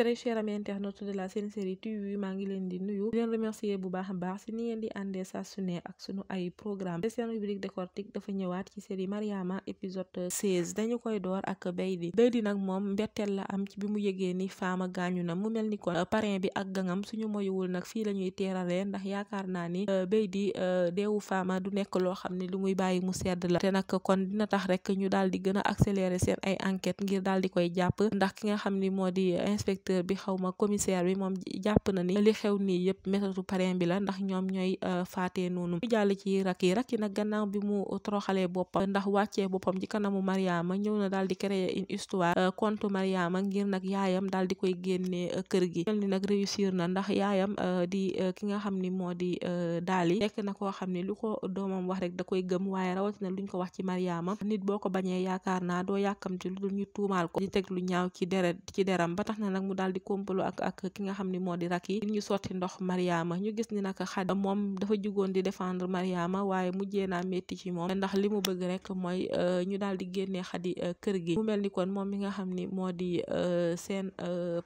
très cher ami internaute de la Sen Série TV maa ngi leen di nuyu di leen remercier bu baax a baax si ni ci série Mariama épisode 16 dañu koy door ak Beydi Beydi nag moom mbetteel la am ci bi mu yëgee ni Fama gaañu na mu mel ni kon parrain bi ak gangam suñu moyuwul nag fii la ñuy teeralee ndax yaakaar naa ni euh, Beydi euh, deewu Fama du nekk loo xam ni lu muy bàyyi mu sedd la te nag kon dina tax rek ñu daal di a accélérer seen ay enquête ngir daal koy jàpp ndax ki nga xam ni moo di euh, inspecteur inspecteur bi xaw ma commissaire bi moom jàpp na ni li xew nii yëpp méthode parrain bi la ndax ñoom ñooy euh, faatee noonu ñu jàll ci rak yi rak yi nag gannaaw bi mu toroxalee boppam ndax wàccee boppam ci kanamu Mariama ñëw na daal di créer une histoire euh, contre Mariama ngir nag yaayam daal di koy génnee euh, kër gi mel ni nag réussir na ndax yaayam di ki nga xam ni moo di daali nekk na koo xam ni lu ko doomam wax rek da koy gëm waaye rawatina luñ ko wax ci Mariama nit boo ko bañee yaakaar naa doo yàkkamti lu ñu tuumaal ko di teg lu ñaaw ci deram ba tax na nag mu daal di kompaloo ak ak ki di rak yi ñu sotti ndox Mariama moom li mu bëgg rek mooy euh, ñu daal di génnee xadi euh, kër gi mu mel ni kon moom mi nga xam ni moo di euh, seen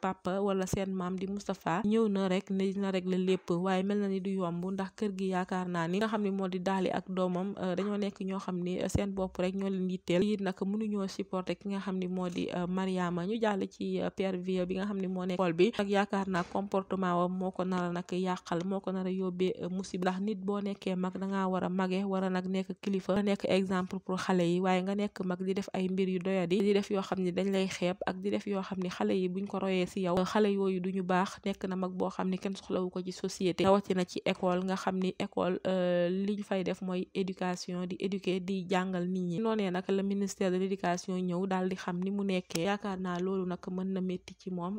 papa wala seen maam di Moustapha ñëw na rek ne dina régler lépp waaye mel na ni du yomb ndax kër gi yaakaar naa ni nga xam ni moo di daali ak doomam dañoo nekk ñoo xam ni seen bopp rek ñoo leen yitteel yi nag mënuñoo supporter ki nga xam ni moo di Mariama ñu jàll ci père vieux bi nga xam ne école bi ak yaakaar naa comportement wam moo ko nar a nag yàqal moo ko nar a yóbbee euh, musib ndax nit boo nekkee mag dangaa war a mage war a nag nekk kilifa nekk exemple pour xale yi buñ ko royee si yow xale yooyu duñu baax nekk na mag boo xam ne kenn soxlawu ko ci société rawatina ci école nga xam ni école euh, liñ fay def mooy éducation di éduquer di jàngal nit ñi noonee nag la ministère de l'éducation ñëw daal di xam ni mu nekkee yaakaar naa loolu nag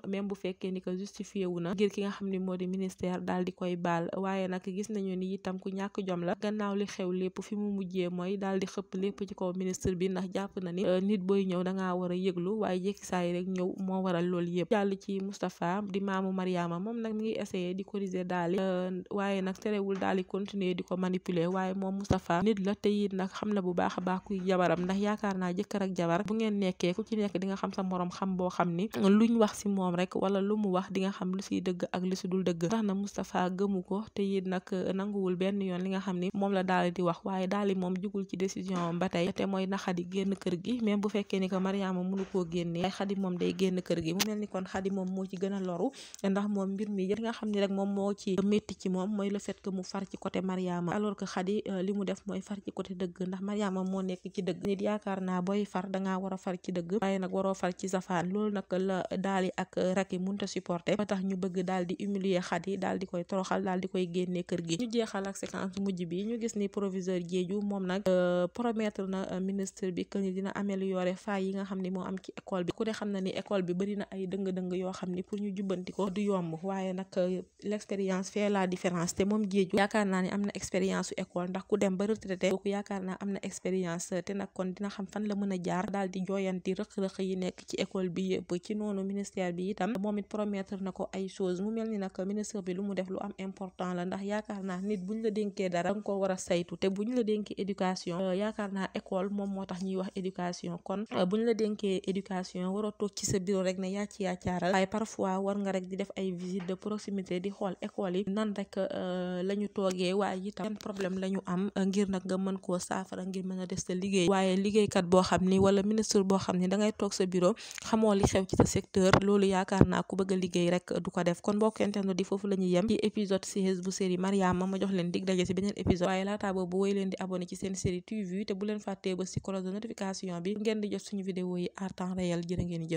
même bu fekkee ni que justifié wu na ngir ki nga xam ne moo di ministère daal di koy baal waaye nag gis nañu ni itam ku ñàkk jom la gannaaw li xew lépp fi mu mujjee mooy dal di xëpp lépp ci kaw ministre bi ndax jàpp na ni euh, nit booy ñëw dangaa war a yëglu waaye jékki saa yi rek ñëw moo waral loolu yëpp jàll ci Moustapha di maamu Mariama moom nag mu ngi essayé di corriger daali euh, waaye nag terewul daal di continuer di ko manipuler waaye moom Moustapha nit la te it nag xam na bu baax a baax kuy jabaram ndax yaakaar naa jëkkër ak jabar bu ngeen nekkee ku ci nekk di nga xam sa morom xam boo xam xam rek wala lu mu wax di nga xam lu dëgg ak lu dul dëgg na ko te it nag euh, nanguwul benn yoon li nga xam ni moom la daal di waaye daal di moom jugul ci décision ba tey te mooy na Xadi génn kër gi même bu fekkee ni que Mariama mënu koo génnee ay Xadi moom day génn kër gi mu mel ni kon Xadi moom moo ci gën a loru ndax moom mbir mi yëpp li xam ni rek moom moo ci métti ci moom mooy mu far ci côté Mariama alors que Xadi euh, li mu mooy far ci côté dëgg ndax Mariama moo nekk ci dëgg nit yaakaar naa booy far dangaa war a far ci dëgg waaye nag waroo far ci safaan loolu nag la daali ak Racky munta supporter moo tax ñu bëgg daal di humilier Khady daal di koy toroxal daal di koy génne kër gi ñu jeexal ak séquence mujj bi ñu gis ni proviseur Diédhiou moom nag euh, promettre na euh, ministre bi que ni dina am na ni école euh, la différence te moom Diédhiou yaakaar naa ni am na expérience su école ndax ku dem ba retraité kooku yaakaar naa am na expérience te nag kon dina xam fan la mën a jaar daal di jooyanti rëq-rëq yi nekk ci école bi yëpp ci noonu ministère itam moom it promettre na ko ay choses mu mel ni nag ministre bi lu mu def lu am important la ndax yaakaar naa nit buñ la dénkee dara danga ko war a saytu te buñ la dénkee éducation euh, yaakaar naa école moom moo tax ñuy wax éducation kon euh, buñ la dénkee éducation waroo toog ci sa bureau rek ne yàcc yaacaaral waaye parfois war nga rek di def ay visite de proximité di xool école yi nan rek euh, la ñu toogee waaye itam yan problème lañu am ngir nag nga mën koo saafara ngir mën a des sa liggéey waaye liggéeykat boo xam ni wala ministre boo yaakaar naa ku bëgg liggéey rek du ko def kon mbokk internet di foofu la yem ci épisode 16 bu série Mariama ma jox leen dig daje si beneen épisode waaye laataa boobu woy leen di abonné ci seen série TV te bu leen fàttee ba notification bi ngeen di jot suñu vidéo yi à réel jërë ngeen jëf